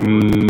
Mm.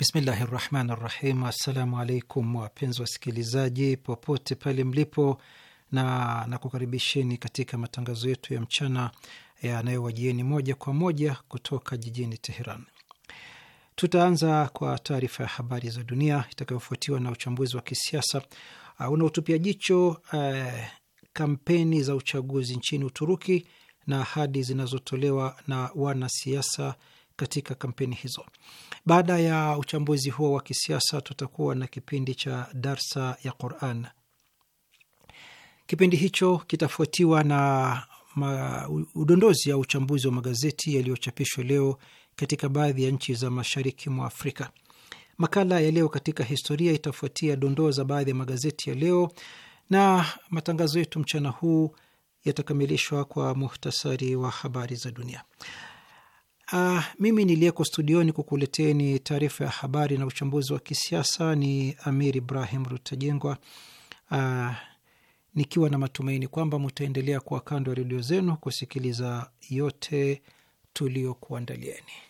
Bismillahi rahmani rahim. Assalamu alaikum wapenzi wasikilizaji popote pale mlipo, na nakukaribisheni katika matangazo yetu ya mchana yanayowajieni moja kwa moja kutoka jijini Teheran. Tutaanza kwa taarifa ya habari za dunia itakayofuatiwa na uchambuzi wa kisiasa uh, unaotupia jicho eh, kampeni za uchaguzi nchini Uturuki na ahadi zinazotolewa na wanasiasa katika kampeni hizo. Baada ya uchambuzi huo wa kisiasa, tutakuwa na kipindi cha darsa ya Quran. Kipindi hicho kitafuatiwa na ma, udondozi au uchambuzi wa magazeti yaliyochapishwa leo katika baadhi ya nchi za mashariki mwa Afrika. Makala ya leo katika historia itafuatia dondoo za baadhi ya magazeti ya leo, na matangazo yetu mchana huu yatakamilishwa kwa muhtasari wa habari za dunia. Uh, mimi niliyeko studioni kukuleteni taarifa ya habari na uchambuzi wa kisiasa ni Amir Ibrahim Rutajengwa. uh, nikiwa na matumaini kwamba mtaendelea kuwa kando ya redio zenu kusikiliza yote tuliyokuandalieni.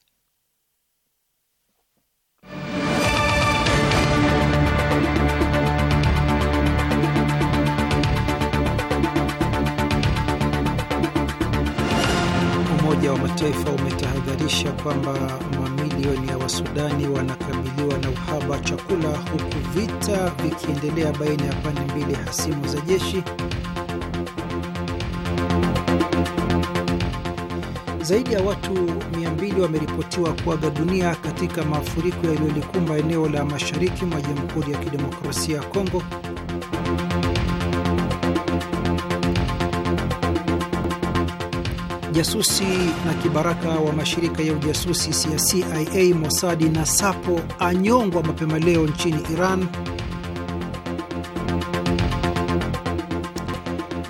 linabainisha kwamba mamilioni ya Wasudani wanakabiliwa na uhaba wa chakula huku vita vikiendelea baina ya pande mbili hasimu za jeshi. Zaidi ya watu 200 wameripotiwa kuaga dunia katika mafuriko yaliyolikumba eneo la mashariki mwa Jamhuri ya Kidemokrasia ya Kongo. ujasusi na kibaraka wa mashirika ya ujasusi ya CIA, Mossadi na Sapo anyongwa mapema leo nchini Iran,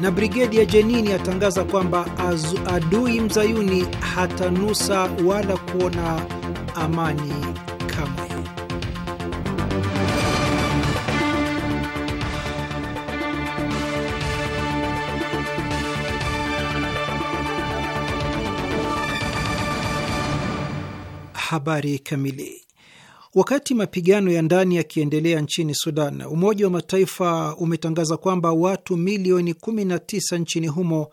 na brigedi ya Jenini atangaza kwamba adui mzayuni hatanusa wala kuona amani Habari kamili. Wakati mapigano ya ndani yakiendelea nchini Sudan, Umoja wa Mataifa umetangaza kwamba watu milioni 19 nchini humo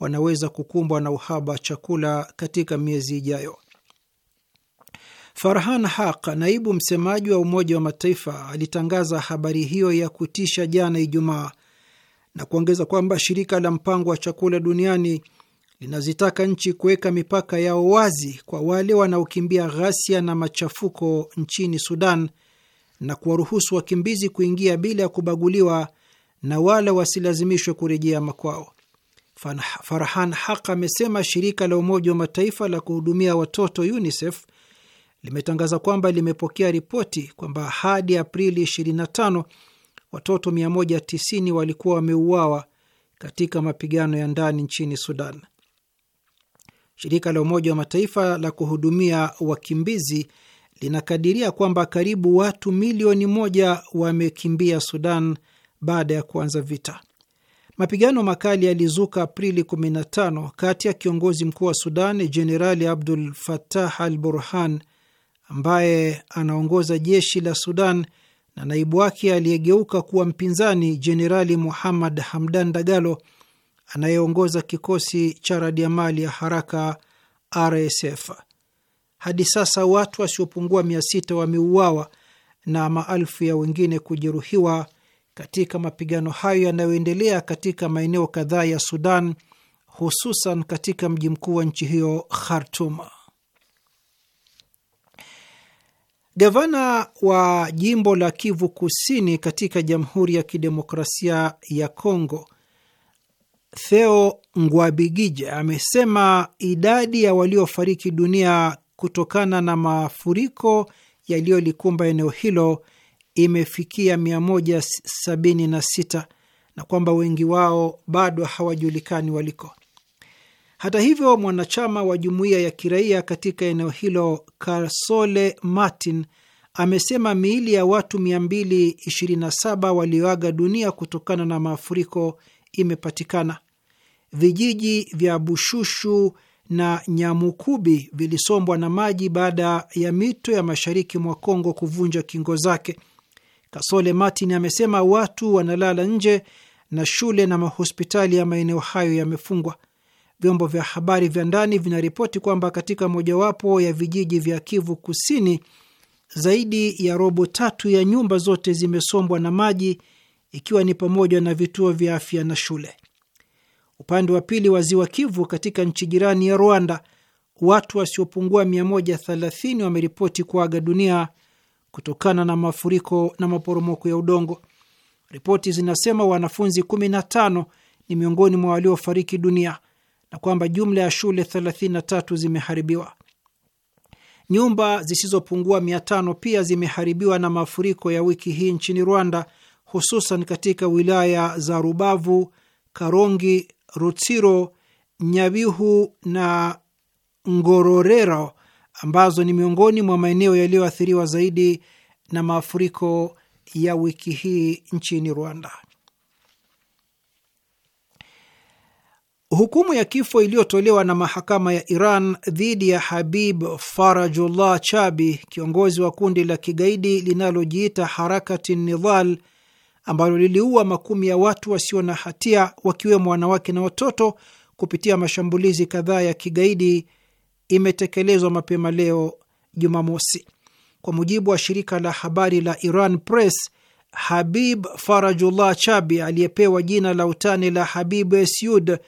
wanaweza kukumbwa na uhaba chakula katika miezi ijayo. Farhan Haq, naibu msemaji wa Umoja wa Mataifa, alitangaza habari hiyo ya kutisha jana Ijumaa na kuongeza kwamba shirika la mpango wa chakula duniani linazitaka nchi kuweka mipaka yao wazi kwa wale wanaokimbia ghasia na machafuko nchini Sudan na kuwaruhusu wakimbizi kuingia bila ya kubaguliwa na wala wasilazimishwe kurejea makwao. Farhan Haq amesema shirika la Umoja wa Mataifa la kuhudumia watoto UNICEF limetangaza kwamba limepokea ripoti kwamba hadi Aprili 25 watoto 190 walikuwa wameuawa katika mapigano ya ndani nchini Sudan. Shirika la Umoja wa Mataifa la kuhudumia wakimbizi linakadiria kwamba karibu watu milioni moja wamekimbia Sudan baada ya kuanza vita. Mapigano makali yalizuka Aprili 15 kati ya kiongozi mkuu wa Sudan Jenerali Abdul fatah al Burhan ambaye anaongoza jeshi la Sudan na naibu wake aliyegeuka kuwa mpinzani Jenerali Muhammad Hamdan Dagalo anayeongoza kikosi cha radiamali ya haraka RSF. Hadi sasa watu wasiopungua mia sita wameuawa na maelfu ya wengine kujeruhiwa katika mapigano hayo yanayoendelea katika maeneo kadhaa ya Sudan, hususan katika mji mkuu wa nchi hiyo Khartum. Gavana wa jimbo la Kivu Kusini katika Jamhuri ya Kidemokrasia ya Kongo Theo Ngwabigija amesema idadi ya waliofariki dunia kutokana na mafuriko yaliyolikumba eneo hilo imefikia 176 na kwamba wengi wao bado hawajulikani waliko. Hata hivyo, mwanachama wa jumuiya ya kiraia katika eneo hilo Karsole Martin amesema miili ya watu 227 walioaga dunia kutokana na mafuriko imepatikana. Vijiji vya Bushushu na Nyamukubi vilisombwa na maji baada ya mito ya mashariki mwa Kongo kuvunja kingo zake. Kasole Martin amesema watu wanalala nje na shule na mahospitali ya maeneo hayo yamefungwa. Vyombo vya habari vya ndani vinaripoti kwamba katika mojawapo ya vijiji vya Kivu Kusini, zaidi ya robo tatu ya nyumba zote zimesombwa na maji ikiwa ni pamoja na vituo vya afya na shule. Upande wa pili wa ziwa Kivu, katika nchi jirani ya Rwanda, watu wasiopungua 130 wameripoti kuaga dunia kutokana na mafuriko na maporomoko ya udongo. Ripoti zinasema wanafunzi 15 ni miongoni mwa waliofariki dunia na kwamba jumla ya shule 33 zimeharibiwa. Nyumba zisizopungua 500 pia zimeharibiwa na mafuriko ya wiki hii nchini Rwanda hususan katika wilaya za Rubavu, Karongi, Rutsiro, Nyabihu na Ngororero ambazo ni miongoni mwa maeneo yaliyoathiriwa zaidi na mafuriko ya wiki hii nchini Rwanda. Hukumu ya kifo iliyotolewa na mahakama ya Iran dhidi ya Habib Farajullah Chabi, kiongozi wa kundi la kigaidi linalojiita Harakati Nidhal ambalo liliua makumi ya watu wasio na hatia wakiwemo wanawake na watoto kupitia mashambulizi kadhaa ya kigaidi imetekelezwa mapema leo Jumamosi, kwa mujibu wa shirika la habari la Iran Press. Habib Farajullah Chabi aliyepewa jina la utani la Habib Esyud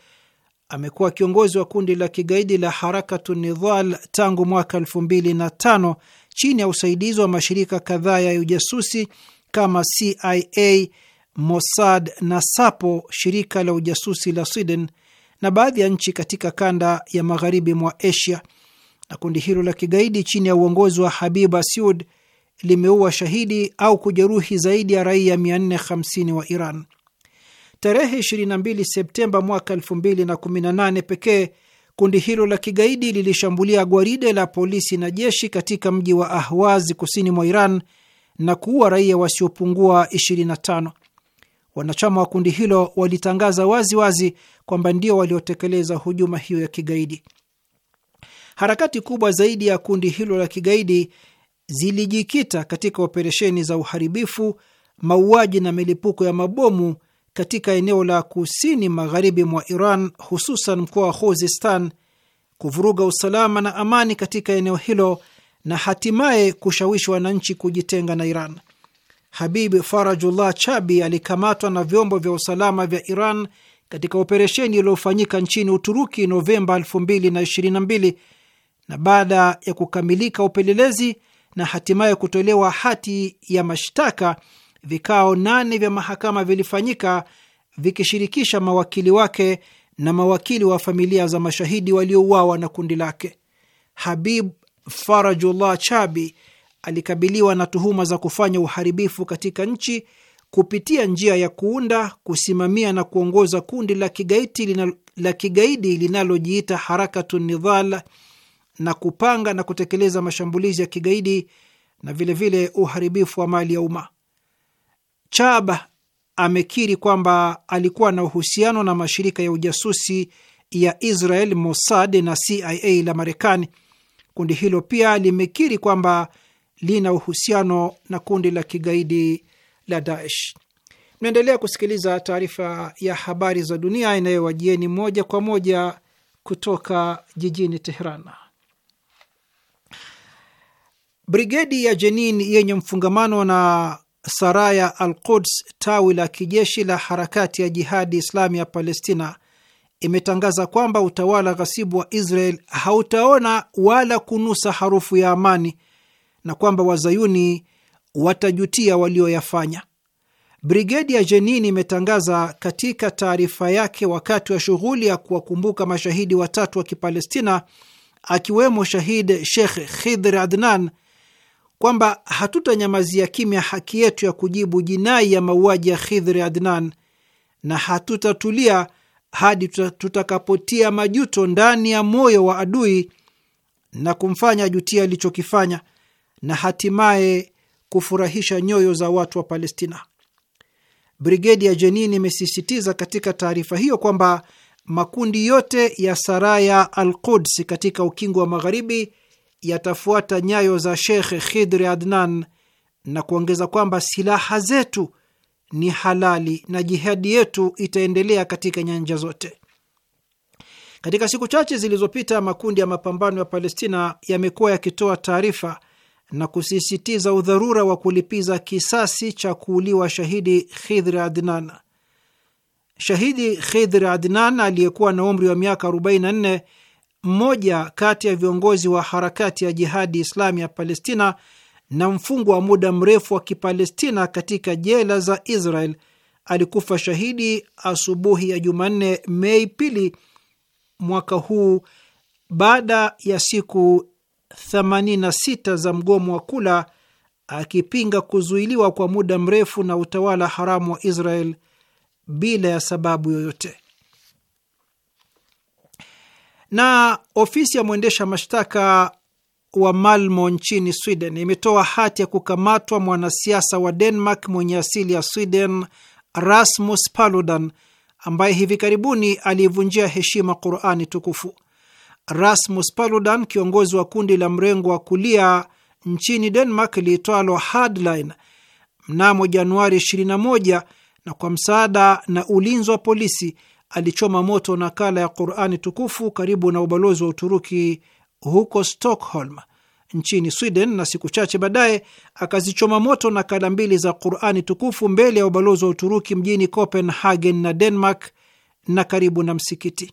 amekuwa kiongozi wa kundi la kigaidi la Harakatu Nidhal tangu mwaka elfu mbili na tano chini ya usaidizi wa mashirika kadhaa ya ujasusi kama CIA, Mossad na SAPO, shirika la ujasusi la Sweden na baadhi ya nchi katika kanda ya magharibi mwa Asia. Na kundi hilo la kigaidi chini ya uongozi wa Habib Asyud limeua shahidi au kujeruhi zaidi ya raia 450 wa Iran. Tarehe 22 Septemba mwaka 2018 pekee kundi hilo la kigaidi lilishambulia gwaride la polisi na jeshi katika mji wa Ahwaz kusini mwa Iran na kuua raia wasiopungua 25. Wanachama wa kundi hilo walitangaza wazi wazi kwamba ndio waliotekeleza hujuma hiyo ya kigaidi. Harakati kubwa zaidi ya kundi hilo la kigaidi zilijikita katika operesheni za uharibifu, mauaji na milipuko ya mabomu katika eneo la kusini magharibi mwa Iran, hususan mkoa wa Khuzestan, kuvuruga usalama na amani katika eneo hilo na hatimaye kushawishi wananchi kujitenga na Iran. Habib Farajullah Chabi alikamatwa na vyombo vya usalama vya Iran katika operesheni iliyofanyika nchini Uturuki Novemba 2022 na baada ya kukamilika upelelezi na hatimaye kutolewa hati ya mashtaka, vikao nane vya mahakama vilifanyika vikishirikisha mawakili wake na mawakili wa familia za mashahidi waliouawa na kundi lake. Habib Farajullah Chabi alikabiliwa na tuhuma za kufanya uharibifu katika nchi kupitia njia ya kuunda, kusimamia na kuongoza kundi la kigaidi la kigaidi linalojiita Harakatu Nidhal na kupanga na kutekeleza mashambulizi ya kigaidi na vilevile vile uharibifu wa mali ya umma. Chaba amekiri kwamba alikuwa na uhusiano na mashirika ya ujasusi ya Israel Mossad na CIA la Marekani Kundi hilo pia limekiri kwamba lina uhusiano na kundi la kigaidi la Daesh. Mnaendelea kusikiliza taarifa ya habari za dunia inayowajieni moja kwa moja kutoka jijini Teheran. Brigedi ya Jenin yenye mfungamano na Saraya al Quds, tawi la kijeshi la harakati ya Jihadi Islami ya Palestina, imetangaza kwamba utawala ghasibu wa Israel hautaona wala kunusa harufu ya amani na kwamba wazayuni watajutia walioyafanya. Brigedi ya Jenin imetangaza katika taarifa yake wakati wa shughuli ya kuwakumbuka mashahidi watatu wa Kipalestina, akiwemo shahid Sheikh khidhr Adnan kwamba hatutanyamazia kimya haki yetu ya kujibu jinai ya mauaji ya Khidhr Adnan na hatutatulia hadi tutakapotia majuto ndani ya moyo wa adui na kumfanya ajutia alichokifanya na hatimaye kufurahisha nyoyo za watu wa Palestina. Brigedi ya Jenin imesisitiza katika taarifa hiyo kwamba makundi yote ya Saraya al Quds katika ukingo wa Magharibi yatafuata nyayo za Sheikh Khidri Adnan na kuongeza kwamba silaha zetu ni halali na jihadi yetu itaendelea katika nyanja zote. Katika siku chache zilizopita, makundi ya mapambano ya Palestina yamekuwa yakitoa taarifa na kusisitiza udharura wa kulipiza kisasi cha kuuliwa shahidi Khidhr Adnan. Shahidi Khidhr Adnan aliyekuwa na umri wa miaka 44, mmoja kati ya viongozi wa harakati ya Jihadi Islami ya Palestina na mfungwa wa muda mrefu wa Kipalestina katika jela za Israel alikufa shahidi asubuhi ya Jumanne, Mei pili mwaka huu baada ya siku 86 za mgomo wa kula akipinga kuzuiliwa kwa muda mrefu na utawala haramu wa Israel bila ya sababu yoyote. Na ofisi ya mwendesha mashtaka wa Malmo nchini Sweden imetoa hati ya kukamatwa mwanasiasa wa Denmark mwenye asili ya Sweden Rasmus Paludan ambaye hivi karibuni aliivunjia heshima Qurani tukufu. Rasmus Paludan, kiongozi wa kundi la mrengo wa kulia nchini Denmark liitwalo Hardline, mnamo Januari 21 na kwa msaada na ulinzi wa polisi alichoma moto nakala ya Qurani tukufu karibu na ubalozi wa Uturuki huko Stockholm nchini Sweden, na siku chache baadaye akazichoma moto nakala mbili za Qurani tukufu mbele ya ubalozi wa Uturuki mjini Copenhagen na Denmark na karibu na msikiti.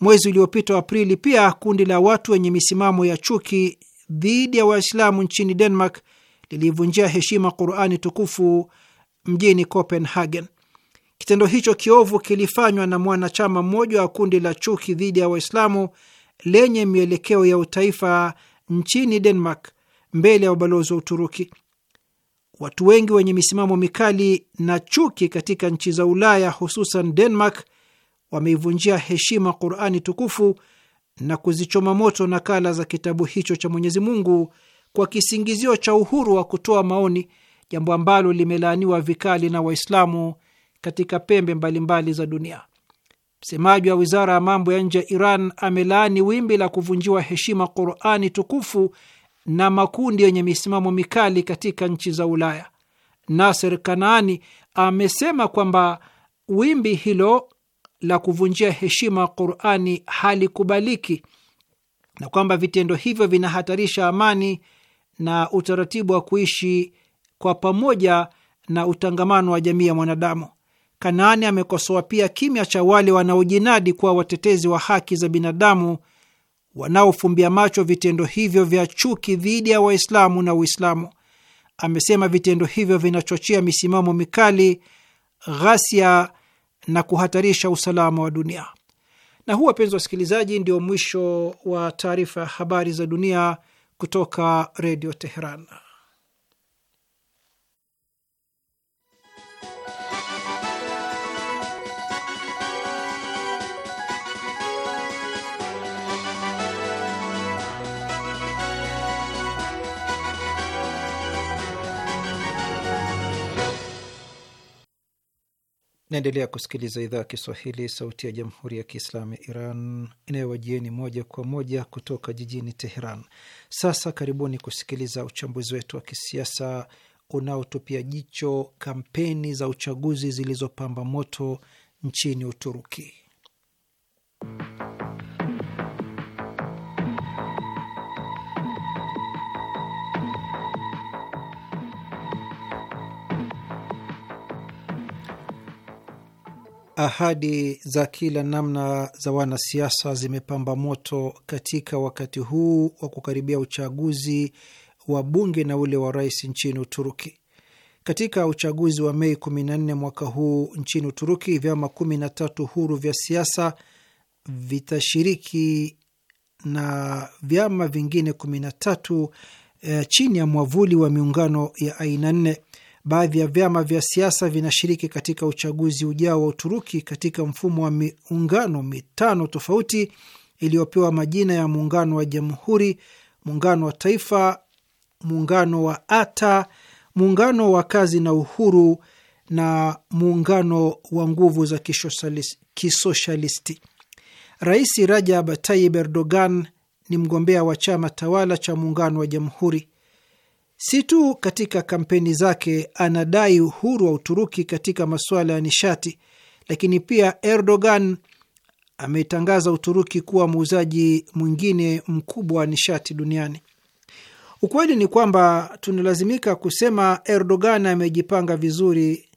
Mwezi uliopita Aprili, pia kundi la watu wenye misimamo ya chuki dhidi ya Waislamu nchini Denmark lilivunjia heshima Qurani tukufu mjini Copenhagen. Kitendo hicho kiovu kilifanywa na mwanachama mmoja wa kundi la chuki dhidi ya Waislamu lenye mielekeo ya utaifa nchini Denmark mbele ya ubalozi wa Uturuki. Watu wengi wenye misimamo mikali na chuki katika nchi za Ulaya, hususan Denmark, wameivunjia heshima Qurani tukufu na kuzichoma moto nakala za kitabu hicho cha Mwenyezi Mungu kwa kisingizio cha uhuru wa kutoa maoni, jambo ambalo limelaaniwa vikali na Waislamu katika pembe mbalimbali mbali za dunia. Msemaji wa wizara ya mambo ya nje ya Iran amelaani wimbi la kuvunjiwa heshima Qurani tukufu na makundi yenye misimamo mikali katika nchi za Ulaya. Naser Kanaani amesema kwamba wimbi hilo la kuvunjia heshima Qurani halikubaliki na kwamba vitendo hivyo vinahatarisha amani na utaratibu wa kuishi kwa pamoja na utangamano wa jamii ya mwanadamu. Kanaani amekosoa pia kimya cha wale wanaojinadi kuwa watetezi wa haki za binadamu wanaofumbia macho vitendo hivyo vya chuki dhidi ya Waislamu na Uislamu. Amesema vitendo hivyo vinachochea misimamo mikali, ghasia na kuhatarisha usalama wa dunia. Na huu, wapenzi wa wasikilizaji, ndio mwisho wa taarifa ya habari za dunia kutoka Redio Teheran. Naendelea kusikiliza idhaa ya Kiswahili, sauti ya jamhuri ya kiislamu ya Iran inayowajieni moja kwa moja kutoka jijini Teheran. Sasa karibuni kusikiliza uchambuzi wetu wa kisiasa unaotupia jicho kampeni za uchaguzi zilizopamba moto nchini Uturuki. Ahadi za kila namna za wanasiasa zimepamba moto katika wakati huu wa kukaribia uchaguzi wa bunge na ule wa rais nchini Uturuki. Katika uchaguzi wa Mei 14 mwaka huu nchini Uturuki, vyama tatu huru vya siasa vitashiriki na vyama vingine tatu eh, chini ya mwavuli wa miungano ya aina nne baadhi ya vyama vya siasa vinashiriki katika uchaguzi ujao wa Uturuki katika mfumo wa miungano mitano tofauti iliyopewa majina ya muungano wa Jamhuri, muungano wa Taifa, muungano wa Ata, muungano wa Kazi na Uhuru na muungano wa nguvu za kisoshalisti. Rais Rajab tayib Erdogan ni mgombea wa chama tawala cha muungano wa Jamhuri. Si tu katika kampeni zake anadai uhuru wa Uturuki katika masuala ya nishati, lakini pia Erdogan ametangaza Uturuki kuwa muuzaji mwingine mkubwa wa nishati duniani. Ukweli ni kwamba tunalazimika kusema Erdogan amejipanga vizuri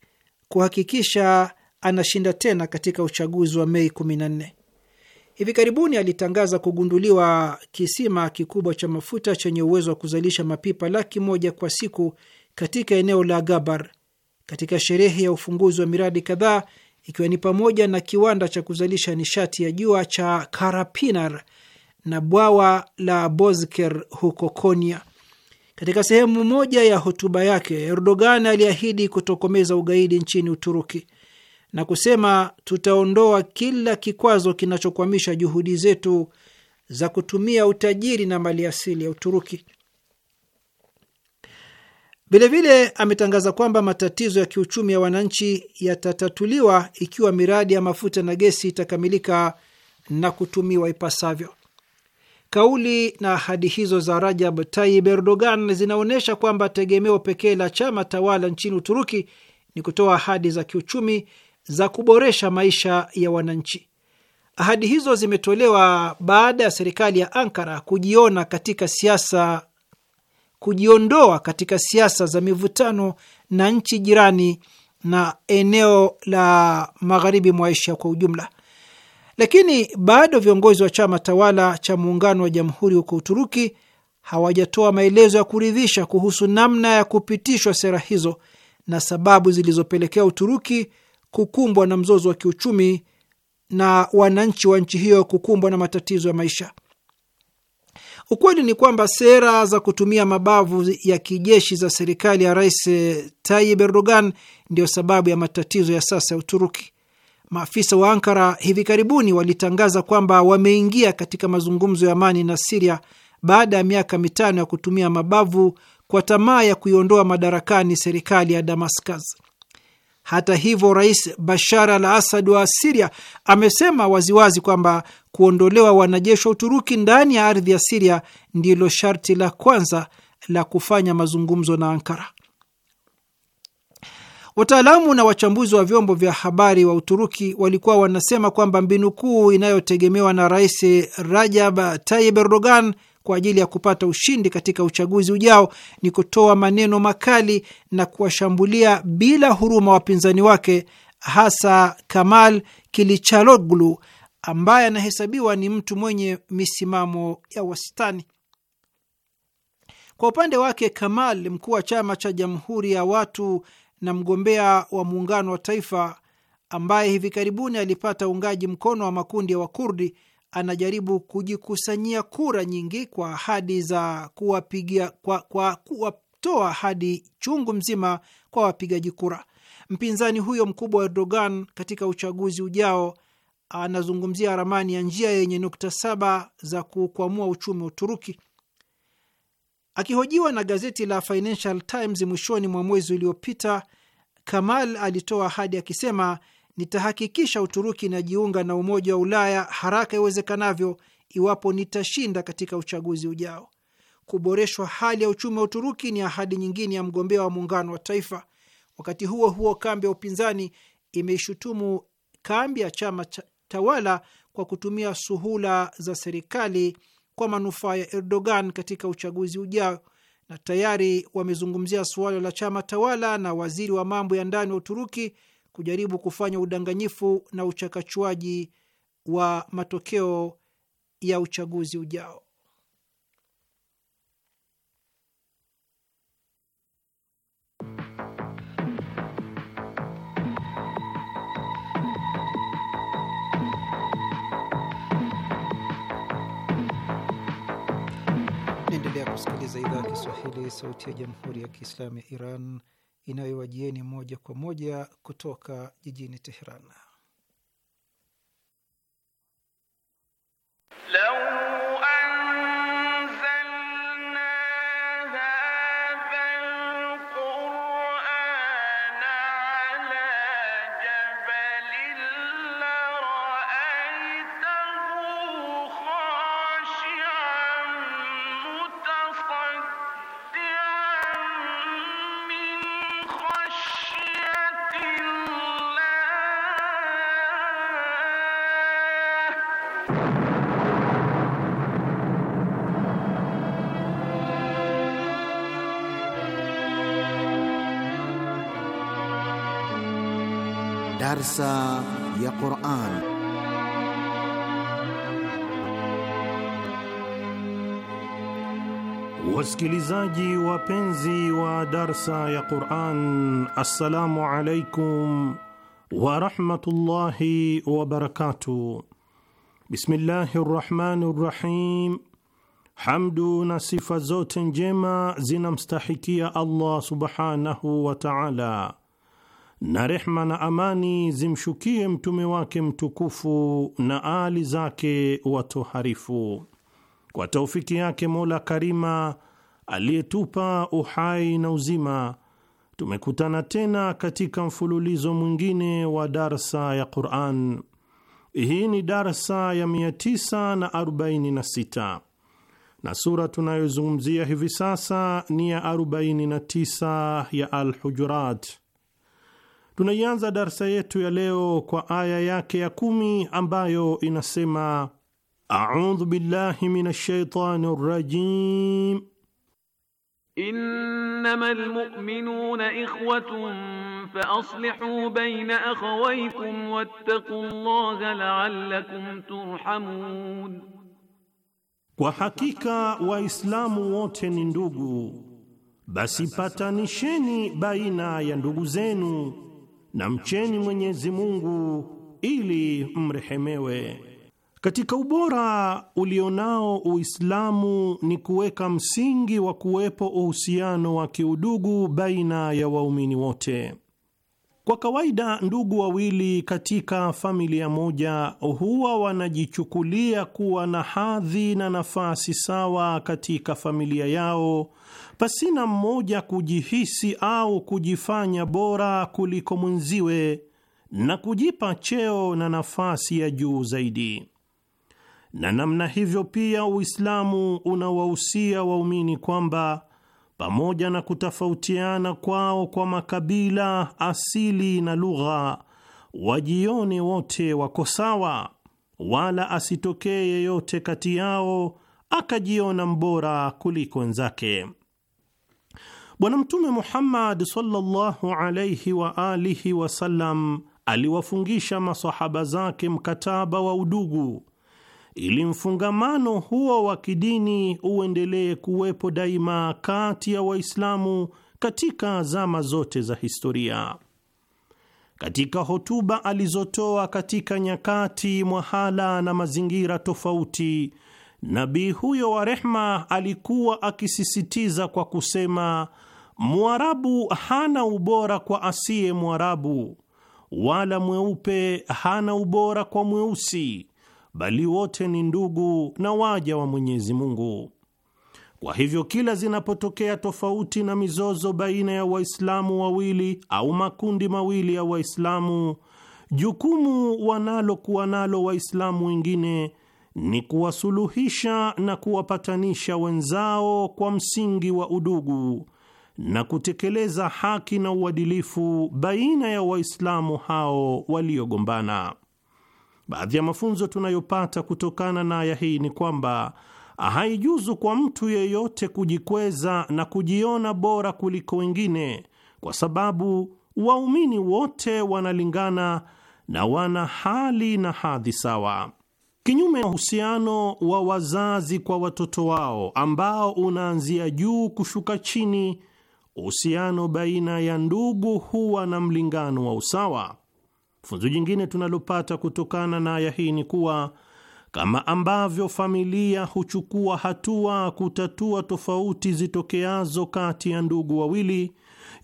kuhakikisha anashinda tena katika uchaguzi wa Mei nne. Hivi karibuni alitangaza kugunduliwa kisima kikubwa cha mafuta chenye uwezo wa kuzalisha mapipa laki moja kwa siku katika eneo la Gabar katika sherehe ya ufunguzi wa miradi kadhaa ikiwa ni pamoja na kiwanda cha kuzalisha nishati ya jua cha Karapinar na bwawa la Bozker huko Konya. Katika sehemu moja ya hotuba yake, Erdogan aliahidi kutokomeza ugaidi nchini Uturuki na kusema tutaondoa kila kikwazo kinachokwamisha juhudi zetu za kutumia utajiri na maliasili ya Uturuki. Vilevile ametangaza kwamba matatizo ya kiuchumi ya wananchi yatatatuliwa ikiwa miradi ya mafuta na gesi itakamilika na kutumiwa ipasavyo. Kauli na ahadi hizo za Rajab Tayyip Erdogan zinaonyesha kwamba tegemeo pekee la chama tawala nchini Uturuki ni kutoa ahadi za kiuchumi za kuboresha maisha ya wananchi. Ahadi hizo zimetolewa baada ya serikali ya Ankara kujiona katika siasa, kujiondoa katika siasa za mivutano na nchi jirani na eneo la magharibi mwa Asia kwa ujumla. Lakini bado viongozi wa chama tawala cha muungano wa jamhuri huko Uturuki hawajatoa maelezo ya kuridhisha kuhusu namna ya kupitishwa sera hizo na sababu zilizopelekea Uturuki kukumbwa na mzozo wa kiuchumi na wananchi wa nchi hiyo kukumbwa na matatizo ya maisha. Ukweli ni kwamba sera za kutumia mabavu ya kijeshi za serikali ya Rais Tayyip Erdogan ndiyo sababu ya matatizo ya sasa ya Uturuki. Maafisa wa Ankara hivi karibuni walitangaza kwamba wameingia katika mazungumzo ya amani na Siria baada ya miaka mitano ya kutumia mabavu kwa tamaa ya kuiondoa madarakani serikali ya Damascus. Hata hivyo, Rais Bashar al Asad wa Siria amesema waziwazi kwamba kuondolewa wanajeshi wa Uturuki ndani ya ardhi ya Siria ndilo sharti la kwanza la kufanya mazungumzo na Ankara. Wataalamu na wachambuzi wa vyombo vya habari wa Uturuki walikuwa wanasema kwamba mbinu kuu inayotegemewa na Rais Rajab Tayyip Erdogan kwa ajili ya kupata ushindi katika uchaguzi ujao ni kutoa maneno makali na kuwashambulia bila huruma wapinzani wake, hasa Kamal Kilichaloglu ambaye anahesabiwa ni mtu mwenye misimamo ya wastani. Kwa upande wake, Kamal, mkuu wa chama cha Jamhuri ya Watu na mgombea wa muungano wa taifa ambaye hivi karibuni alipata uungaji mkono wa makundi ya Wakurdi anajaribu kujikusanyia kura nyingi kwa ahadi za kuwapigia kwa, kwa kuwatoa ahadi chungu mzima kwa wapigaji kura. Mpinzani huyo mkubwa wa Erdogan katika uchaguzi ujao anazungumzia ramani ya njia yenye nukta saba za kukwamua uchumi wa Uturuki. Akihojiwa na gazeti la Financial Times mwishoni mwa mwezi uliopita, Kamal alitoa ahadi akisema nitahakikisha Uturuki inajiunga na Umoja wa Ulaya haraka iwezekanavyo iwapo nitashinda katika uchaguzi ujao. Kuboreshwa hali ya uchumi wa Uturuki ni ahadi nyingine ya mgombea wa muungano wa taifa. Wakati huo huo, kambi ya upinzani imeishutumu kambi ya chama tawala kwa kutumia suhula za serikali kwa manufaa ya Erdogan katika uchaguzi ujao, na tayari wamezungumzia suala la chama tawala na waziri wa mambo ya ndani wa Uturuki kujaribu kufanya udanganyifu na uchakachuaji wa matokeo ya uchaguzi ujao. Naendelea kusikiliza idhaa ya Kiswahili, sauti ya jamhuri ya kiislamu ya Iran inayowajieni moja kwa moja kutoka jijini Teheran. darsa ya Quran. Wasikilizaji wapenzi wa darsa ya Quran, assalamu alaikum wa rahmatullahi wa barakatuh. Bismillahi rahmani rahim. Hamdu na sifa zote njema zinamstahikia Allah subhanahu wa taala na rehma na amani zimshukie mtume wake mtukufu na aali zake watoharifu. Kwa taufiki yake Mola Karima aliyetupa uhai na uzima, tumekutana tena katika mfululizo mwingine wa darsa ya Quran. Hii ni darsa ya 946 na sura tunayozungumzia hivi sasa ni ya 49 ya Alhujurat Tunaianza darsa yetu ya leo kwa aya yake ya kumi ambayo inasema audhu billahi min shaitani rajim innama lmuminuna ikhwatun faaslihu bin akhawaykum wattaqu llaha laallakum turhamun, kwa hakika Waislamu wote ni ndugu, basi patanisheni baina ya ndugu zenu na mcheni Mwenyezi Mungu ili mrehemewe. Katika ubora ulionao Uislamu ni kuweka msingi wa kuwepo uhusiano wa kiudugu baina ya waumini wote. Kwa kawaida ndugu wawili katika familia moja huwa wanajichukulia kuwa na hadhi na nafasi sawa katika familia yao, pasina mmoja kujihisi au kujifanya bora kuliko mwenziwe na kujipa cheo na nafasi ya juu zaidi. Na namna hivyo pia Uislamu unawahusia waumini kwamba pamoja na kutofautiana kwao kwa makabila, asili na lugha, wajione wote wako sawa, wala asitokee yeyote kati yao akajiona mbora kuliko wenzake. Bwana Mtume Muhammad sallallahu alayhi wa alihi wasallam aliwafungisha masahaba zake mkataba wa udugu ili mfungamano huo wa kidini uendelee kuwepo daima kati ya Waislamu katika zama zote za historia. Katika hotuba alizotoa katika nyakati, mwahala na mazingira tofauti, nabii huyo wa rehma alikuwa akisisitiza kwa kusema, Mwarabu hana ubora kwa asiye Mwarabu, wala mweupe hana ubora kwa mweusi bali wote ni ndugu na waja wa Mwenyezi Mungu. Kwa hivyo kila zinapotokea tofauti na mizozo baina ya Waislamu wawili au makundi mawili ya Waislamu, jukumu wanalokuwa nalo Waislamu wengine ni kuwasuluhisha na kuwapatanisha wenzao kwa msingi wa udugu na kutekeleza haki na uadilifu baina ya Waislamu hao waliogombana. Baadhi ya mafunzo tunayopata kutokana na aya hii ni kwamba haijuzu kwa mtu yeyote kujikweza na kujiona bora kuliko wengine, kwa sababu waumini wote wanalingana na wana hali na hadhi sawa. Kinyume na uhusiano wa wazazi kwa watoto wao ambao unaanzia juu kushuka chini, uhusiano baina ya ndugu huwa na mlingano wa usawa. Funzo jingine tunalopata kutokana na aya hii ni kuwa kama ambavyo familia huchukua hatua kutatua tofauti zitokeazo kati ya ndugu wawili,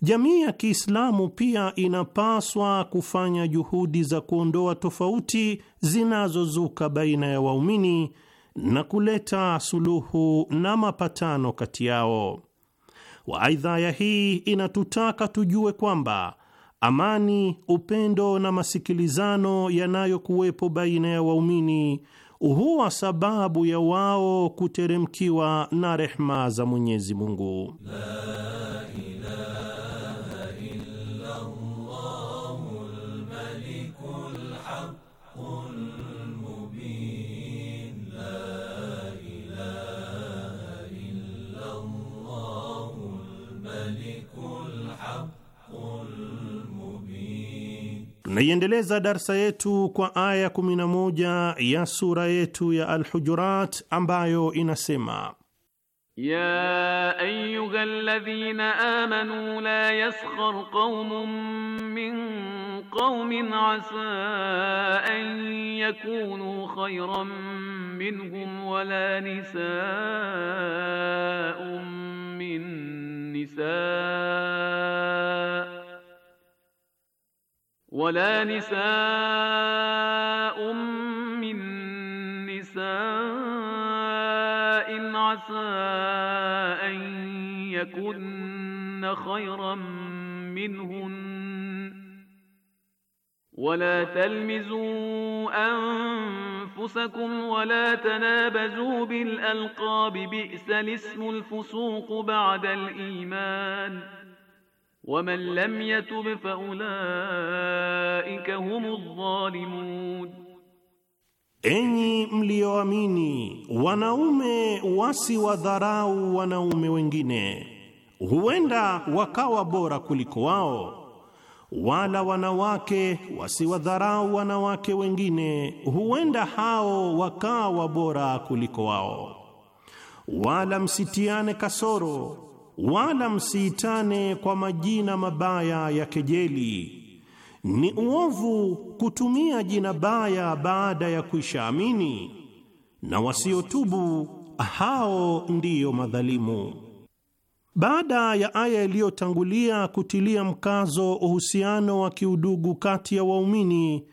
jamii ya Kiislamu pia inapaswa kufanya juhudi za kuondoa tofauti zinazozuka baina ya waumini na kuleta suluhu na mapatano kati yao. Waaidha, aya hii inatutaka tujue kwamba amani, upendo na masikilizano yanayokuwepo baina ya waumini huwa sababu ya wao kuteremkiwa na rehma za Mwenyezi Mungu la ilaha Tunaiendeleza darsa yetu kwa aya 11 ya sura yetu ya Al-Hujurat ambayo inasema: ya ayyuha alladhina amanu la yaskhar qaumun min qaumin asa an yakunu khayran minhum wala nisaa'un min nisaa ولا نساء من نساء عسى أن يكن خيرا منهن ولا تلمزوا أنفسكم ولا تنابزوا بالألقاب بئس الاسم الفسوق بعد الإيمان Waman lam yatub fa ulaika humu enyi mlioamini, wanaume wasiwadharau wanaume wengine, huenda wakawa bora kuliko wao, wala wanawake wasiwadharau wanawake wengine, huenda hao wakawa bora kuliko wao, wala msitiane kasoro wala msiitane kwa majina mabaya ya kejeli. Ni uovu kutumia jina baya baada ya kuisha amini, na wasiotubu hao ndiyo madhalimu. Baada ya aya iliyotangulia kutilia mkazo uhusiano wa kiudugu kati ya waumini,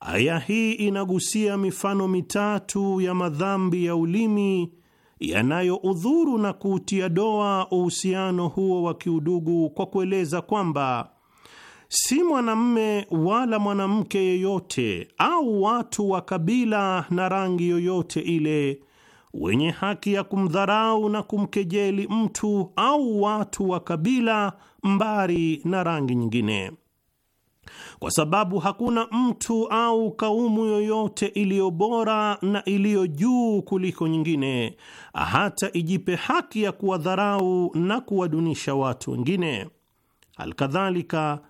aya hii inagusia mifano mitatu ya madhambi ya ulimi yanayoudhuru na kuutia doa uhusiano huo wa kiudugu kwa kueleza kwamba si mwanamme wala mwanamke yeyote au watu wa kabila na rangi yoyote ile wenye haki ya kumdharau na kumkejeli mtu au watu wa kabila, mbari na rangi nyingine kwa sababu hakuna mtu au kaumu yoyote iliyo bora na iliyo juu kuliko nyingine, hata ijipe haki ya kuwadharau na kuwadunisha watu wengine. Alkadhalika,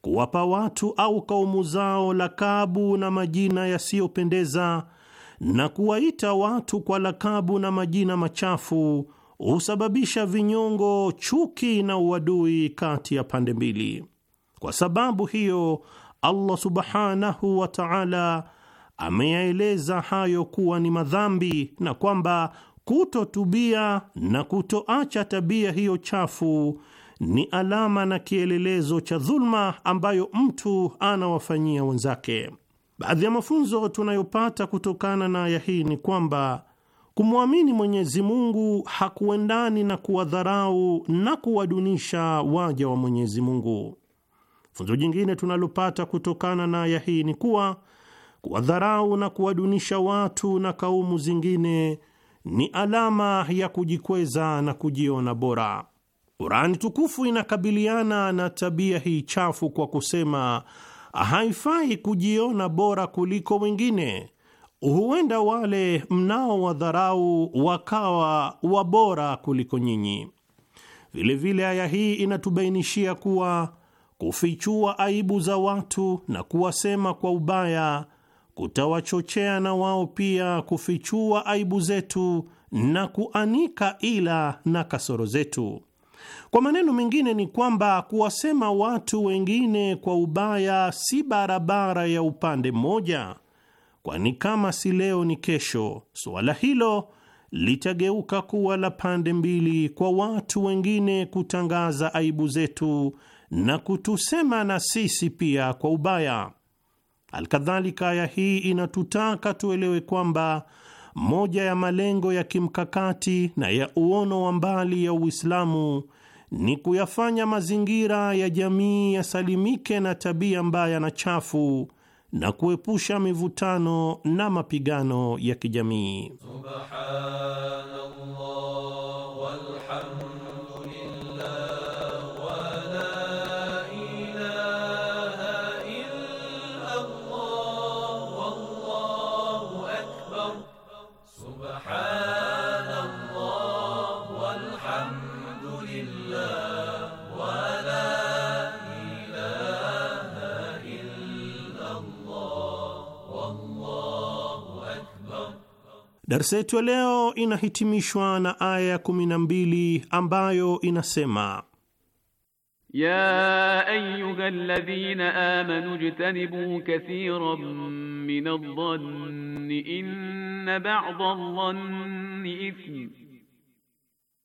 kuwapa watu au kaumu zao lakabu na majina yasiyopendeza na kuwaita watu kwa lakabu na majina machafu husababisha vinyongo, chuki na uadui kati ya pande mbili. Kwa sababu hiyo Allah subhanahu wa ta'ala ameyaeleza hayo kuwa ni madhambi na kwamba kutotubia na kutoacha tabia hiyo chafu ni alama na kielelezo cha dhulma ambayo mtu anawafanyia wenzake. Baadhi ya mafunzo tunayopata kutokana na aya hii ni kwamba kumwamini Mwenyezi Mungu hakuendani na kuwadharau na kuwadunisha waja wa Mwenyezi Mungu. Funzo jingine tunalopata kutokana na aya hii ni kuwa kuwadharau na kuwadunisha watu na kaumu zingine ni alama ya kujikweza na kujiona bora. kurani tukufu inakabiliana na tabia hii chafu kwa kusema haifai kujiona bora kuliko wengine. Huenda wale mnaowadharau wakawa wabora kuliko nyinyi. Vilevile aya hii inatubainishia kuwa kufichua aibu za watu na kuwasema kwa ubaya kutawachochea na wao pia kufichua aibu zetu na kuanika ila na kasoro zetu. Kwa maneno mengine, ni kwamba kuwasema watu wengine kwa ubaya si barabara ya upande mmoja, kwani kama si leo ni kesho, suala hilo litageuka kuwa la pande mbili, kwa watu wengine kutangaza aibu zetu na kutusema na sisi pia kwa ubaya. Alkadhalika, aya hii inatutaka tuelewe kwamba moja ya malengo ya kimkakati na ya uono wa mbali ya Uislamu ni kuyafanya mazingira ya jamii yasalimike na tabia mbaya na chafu na kuepusha mivutano na mapigano ya kijamii. Subhanallah walhamdulillah Darsa yetu ya leo inahitimishwa na aya ya kumi na mbili ambayo inasema ya ayuha alladhina amanu jtanibu kathiran min aldhanni inna ba'da aldhanni ithm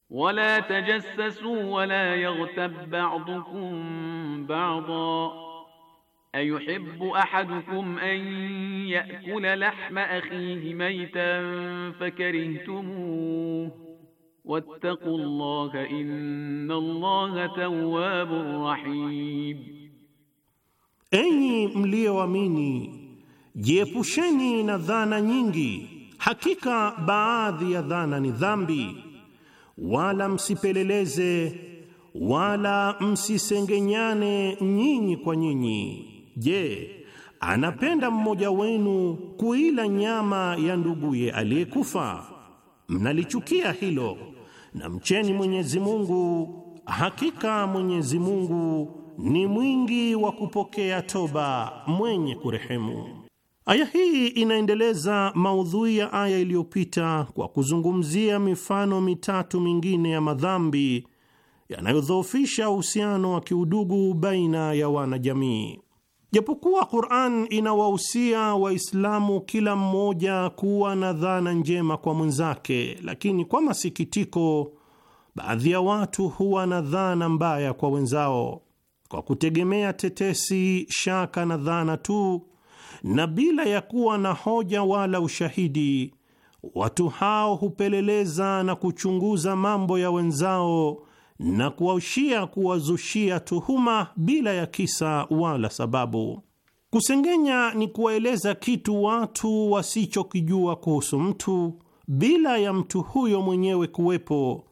wala tajassasu wala yaghtab ba'dukum ba'da ayuhibbu ahadukum an yakula lahma akhihi maitan fakarihtumuh wattaqullaha innallaha tawwabur rahim, enyi mliyoamini, jiepusheni na dhana nyingi, hakika baadhi ya dhana ni dhambi, wala msipeleleze wala msisengenyane nyinyi kwa nyinyi Je, anapenda mmoja wenu kuila nyama ya nduguye aliyekufa? Mnalichukia hilo, na mcheni Mwenyezi Mungu. Hakika Mwenyezi Mungu ni mwingi wa kupokea toba, mwenye kurehemu. Aya hii inaendeleza maudhui ya aya iliyopita kwa kuzungumzia mifano mitatu mingine ya madhambi yanayodhoofisha uhusiano wa kiudugu baina ya wanajamii. Japokuwa Qur'an inawahusia Waislamu kila mmoja kuwa na dhana njema kwa mwenzake, lakini kwa masikitiko, baadhi ya watu huwa na dhana mbaya kwa wenzao kwa kutegemea tetesi, shaka na dhana tu, na bila ya kuwa na hoja wala ushahidi. Watu hao hupeleleza na kuchunguza mambo ya wenzao na kuwaushia kuwazushia tuhuma bila ya kisa wala sababu. Kusengenya ni kuwaeleza kitu watu wasichokijua kuhusu mtu bila ya mtu huyo mwenyewe kuwepo,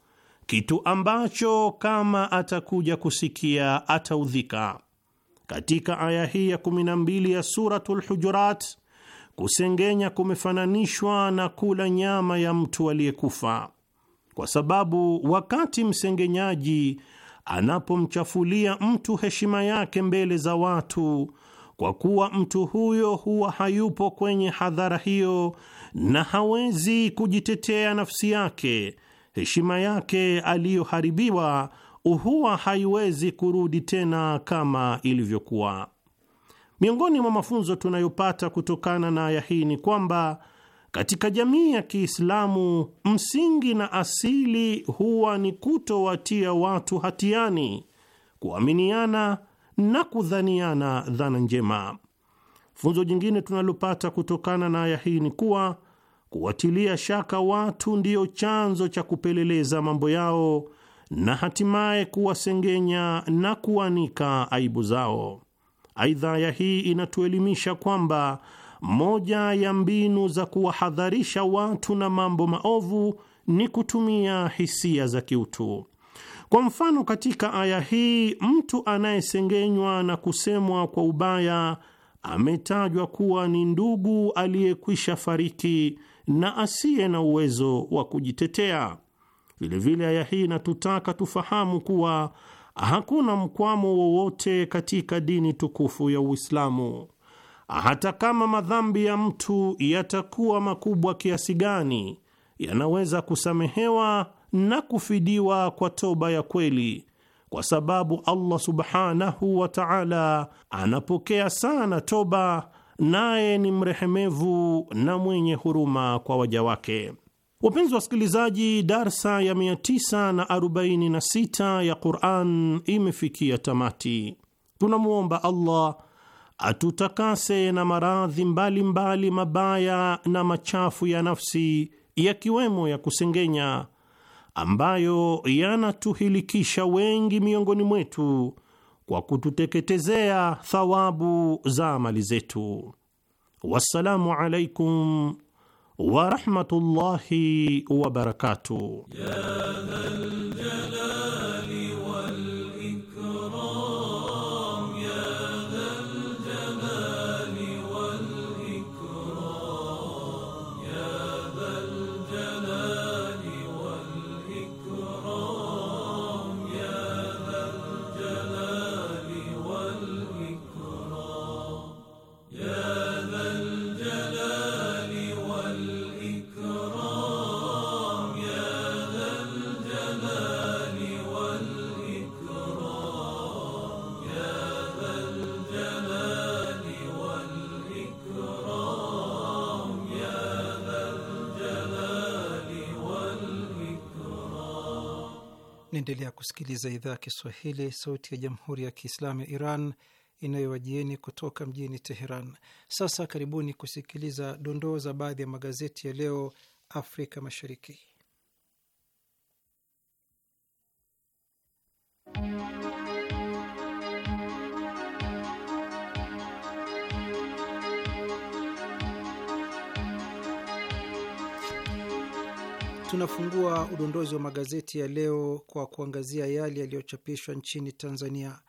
kitu ambacho kama atakuja kusikia ataudhika. Katika aya hii ya 12 ya Suratul Hujurat, kusengenya kumefananishwa na kula nyama ya mtu aliyekufa kwa sababu wakati msengenyaji anapomchafulia mtu heshima yake mbele za watu, kwa kuwa mtu huyo huwa hayupo kwenye hadhara hiyo na hawezi kujitetea nafsi yake, heshima yake aliyoharibiwa huwa haiwezi kurudi tena kama ilivyokuwa. Miongoni mwa mafunzo tunayopata kutokana na aya hii ni kwamba katika jamii ya Kiislamu, msingi na asili huwa ni kutowatia watu hatiani, kuaminiana na kudhaniana dhana njema. Funzo jingine tunalopata kutokana na aya hii ni kuwa kuwatilia shaka watu ndiyo chanzo cha kupeleleza mambo yao na hatimaye kuwasengenya na kuanika aibu zao. Aidha, aya hii inatuelimisha kwamba moja ya mbinu za kuwahadharisha watu na mambo maovu ni kutumia hisia za kiutu. Kwa mfano, katika aya hii mtu anayesengenywa na kusemwa kwa ubaya ametajwa kuwa ni ndugu aliyekwisha fariki na asiye na uwezo wa kujitetea. Vilevile, aya hii inatutaka tufahamu kuwa hakuna mkwamo wowote katika dini tukufu ya Uislamu hata kama madhambi ya mtu yatakuwa makubwa kiasi gani, yanaweza kusamehewa na kufidiwa kwa toba ya kweli, kwa sababu Allah subhanahu wa ta'ala anapokea sana toba, naye ni mrehemevu na mwenye huruma kwa waja wake. Wapenzi wasikilizaji, darsa ya 946 ya Qur'an imefikia tamati. Tunamwomba Allah atutakase na maradhi mbalimbali mabaya na machafu ya nafsi, yakiwemo ya kusengenya, ambayo yanatuhilikisha wengi miongoni mwetu kwa kututeketezea thawabu za amali zetu. Wassalamu alaikum warahmatullahi wabarakatuh. Naendelea kusikiliza idhaa ya Kiswahili, sauti ya jamhuri ya kiislamu ya Iran inayowajieni kutoka mjini Teheran. Sasa karibuni kusikiliza dondoo za baadhi ya magazeti ya leo Afrika Mashariki. tunafungua udondozi wa magazeti ya leo kwa kuangazia yale yaliyochapishwa nchini Tanzania.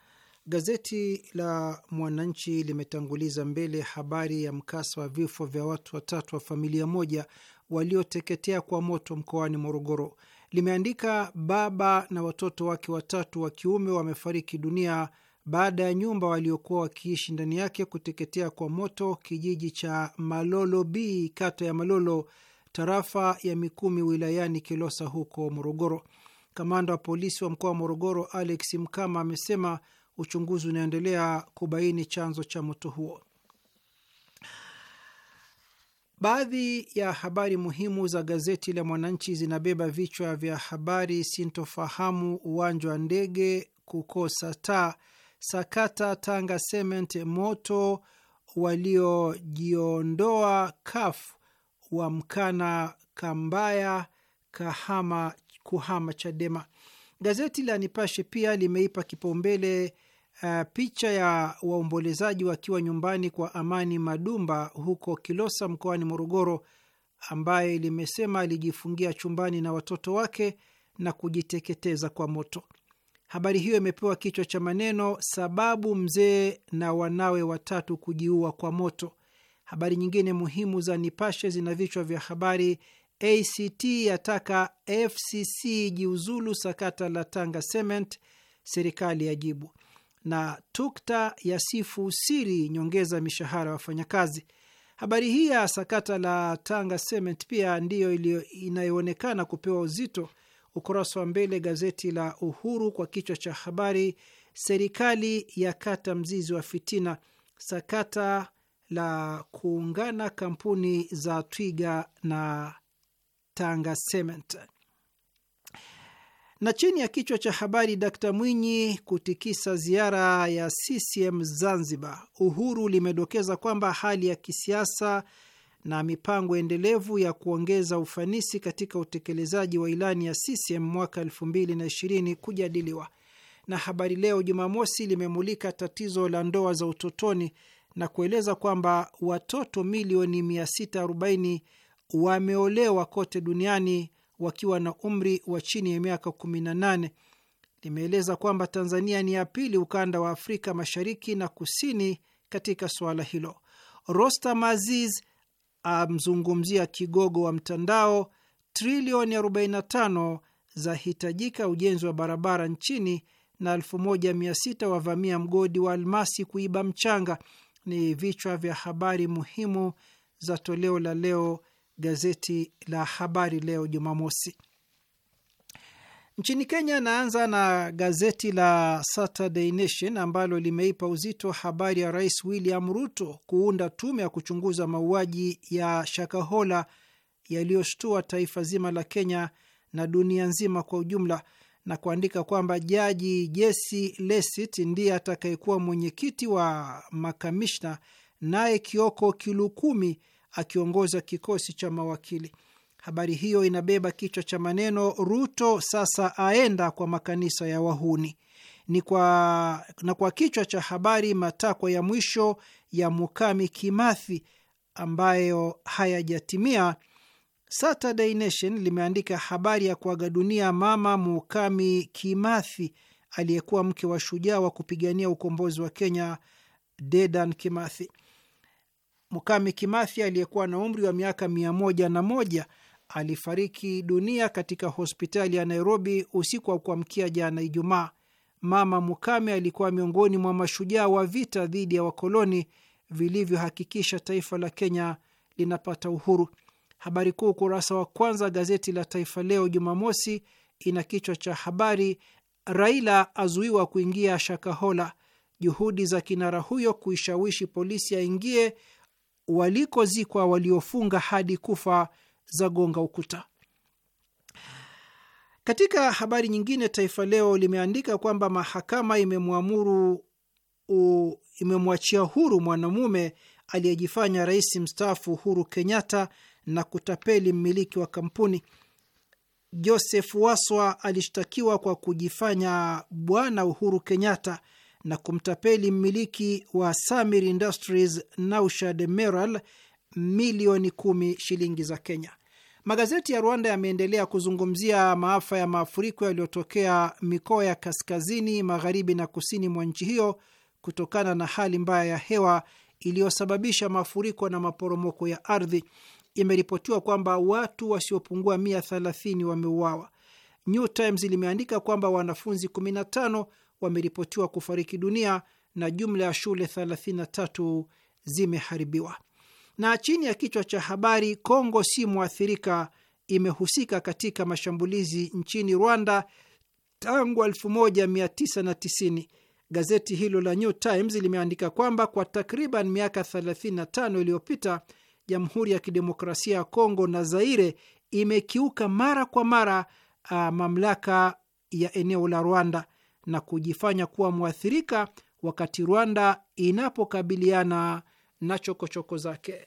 Gazeti la Mwananchi limetanguliza mbele habari ya mkasa wa vifo vya watu watatu wa familia moja walioteketea kwa moto mkoani Morogoro. Limeandika baba na watoto wake watatu wa kiume wamefariki dunia baada ya nyumba waliokuwa wakiishi ndani yake kuteketea kwa moto kijiji cha Malolo B, kata ya Malolo tarafa ya Mikumi wilayani Kilosa huko Morogoro. Kamanda wa polisi wa mkoa wa Morogoro Alex Mkama amesema uchunguzi unaendelea kubaini chanzo cha moto huo. Baadhi ya habari muhimu za gazeti la Mwananchi zinabeba vichwa vya habari: sintofahamu uwanja wa ndege kukosa taa, sakata Tanga Cement, moto waliojiondoa kafu wa mkana Kambaya kahama kuhama Chadema. Gazeti la Nipashe pia limeipa kipaumbele uh, picha ya waombolezaji wakiwa nyumbani kwa Amani Madumba huko Kilosa mkoani Morogoro, ambaye limesema alijifungia chumbani na watoto wake na kujiteketeza kwa moto. Habari hiyo imepewa kichwa cha maneno sababu mzee na wanawe watatu kujiua kwa moto. Habari nyingine muhimu za Nipashe zina vichwa vya habari: ACT yataka FCC jiuzulu sakata la Tanga Cement, serikali yajibu, na TUKTA yasifu siri nyongeza mishahara ya wafanyakazi. Habari hii ya sakata la Tanga Cement pia ndiyo inayoonekana kupewa uzito ukurasa wa mbele gazeti la Uhuru kwa kichwa cha habari, serikali ya kata mzizi wa fitina, sakata la kuungana kampuni za Twiga na Tanga Cement. Na chini ya kichwa cha habari Dkt Mwinyi kutikisa ziara ya CCM Zanzibar, Uhuru limedokeza kwamba hali ya kisiasa na mipango endelevu ya kuongeza ufanisi katika utekelezaji wa ilani ya CCM mwaka 2020 kujadiliwa. Na Habari Leo Jumamosi limemulika tatizo la ndoa za utotoni na kueleza kwamba watoto milioni 640 wameolewa kote duniani wakiwa na umri wa chini ya miaka 18. Limeeleza kwamba Tanzania ni ya pili ukanda wa Afrika Mashariki na Kusini katika suala hilo. Rostam Aziz amzungumzia kigogo wa mtandao, trilioni 45 zahitajika ujenzi wa barabara nchini na 1600 wavamia mgodi wa almasi kuiba mchanga ni vichwa vya habari muhimu za toleo la leo gazeti la Habari Leo Jumamosi. Nchini Kenya, naanza na gazeti la Saturday Nation ambalo limeipa uzito habari ya Rais William Ruto kuunda tume ya kuchunguza mauaji ya Shakahola yaliyoshtua taifa zima la Kenya na dunia nzima kwa ujumla na kuandika kwamba Jaji Jesi Lesit ndiye atakayekuwa mwenyekiti wa makamishna, naye Kioko Kilukumi akiongoza kikosi cha mawakili. Habari hiyo inabeba kichwa cha maneno Ruto sasa aenda kwa makanisa ya wahuni ni kwa, na kwa kichwa cha habari matakwa ya mwisho ya Mukami Kimathi ambayo hayajatimia Saturday Nation limeandika habari ya kuaga dunia Mama Mukami Kimathi, aliyekuwa mke wa shujaa wa kupigania ukombozi wa Kenya, Dedan Kimathi. Mukami Kimathi aliyekuwa na umri wa miaka mia moja na moja alifariki dunia katika hospitali ya Nairobi usiku wa kuamkia jana Ijumaa. Mama Mukami alikuwa miongoni mwa mashujaa wa vita dhidi ya wakoloni vilivyohakikisha taifa la Kenya linapata uhuru. Habari kuu ukurasa wa kwanza gazeti la Taifa Leo Jumamosi ina kichwa cha habari, Raila azuiwa kuingia Shakahola, juhudi za kinara huyo kuishawishi polisi aingie walikozikwa waliofunga hadi kufa za gonga ukuta. Katika habari nyingine, Taifa Leo limeandika kwamba mahakama imemwamuru imemwachia huru mwanamume aliyejifanya rais mstaafu Uhuru Kenyatta na kutapeli mmiliki wa kampuni. Joseph Waswa alishtakiwa kwa kujifanya Bwana Uhuru Kenyatta na kumtapeli mmiliki wa Samir Industries Naushad Meral milioni kumi shilingi za Kenya. Magazeti ya Rwanda yameendelea kuzungumzia maafa ya maafuriko yaliyotokea mikoa ya kaskazini, magharibi na kusini mwa nchi hiyo kutokana na hali mbaya ya hewa iliyosababisha mafuriko na maporomoko ya ardhi imeripotiwa kwamba watu wasiopungua 130 wameuawa. New Times limeandika kwamba wanafunzi 15 wameripotiwa kufariki dunia na jumla ya shule 33 zimeharibiwa. Na chini ya kichwa cha habari Kongo si mwathirika, imehusika katika mashambulizi nchini Rwanda tangu 1990 gazeti hilo la New Times limeandika kwamba kwa takriban miaka 35 iliyopita Jamhuri ya Kidemokrasia ya Kongo na Zaire imekiuka mara kwa mara a, uh, mamlaka ya eneo la Rwanda na kujifanya kuwa mwathirika wakati Rwanda inapokabiliana na chokochoko choko zake.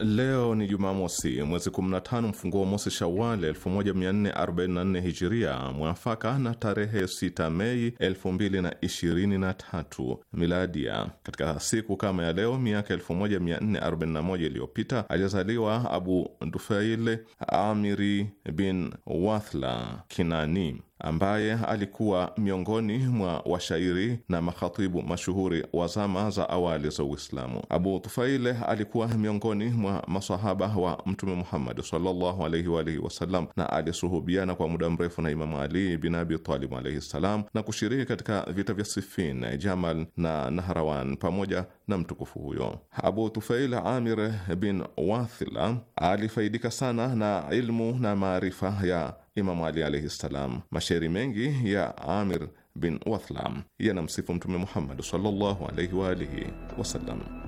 Leo ni Jumamosi, mwezi 15 mfunguo mosi Shawal 1444 Hijiria, mwafaka na tarehe 6 Mei 2023 Miladia. Katika siku kama ya leo miaka 1441 iliyopita alizaliwa Abu Dufail Amiri bin Wathla Kinani ambaye alikuwa miongoni mwa washairi na makhatibu mashuhuri wa zama za awali za Uislamu. Abu Tufail alikuwa miongoni mwa masahaba wa Mtume Muhammad sallallahu alaihi wa alihi wasallam, na alisuhubiana kwa muda mrefu na Imamu Ali bin Abi Talib alaihi salam, na kushiriki katika vita vya sifin Jamal na Nahrawan pamoja na mtukufu huyo. Abu Tufail Amir bin Wathila alifaidika sana na ilmu na maarifa ya Imamu Ali alaihi ssalam. Mashairi mengi ya Amir bin Wathla yanamsifu Mtume Muhammad sallallahu alaihi wa alihi wasallam.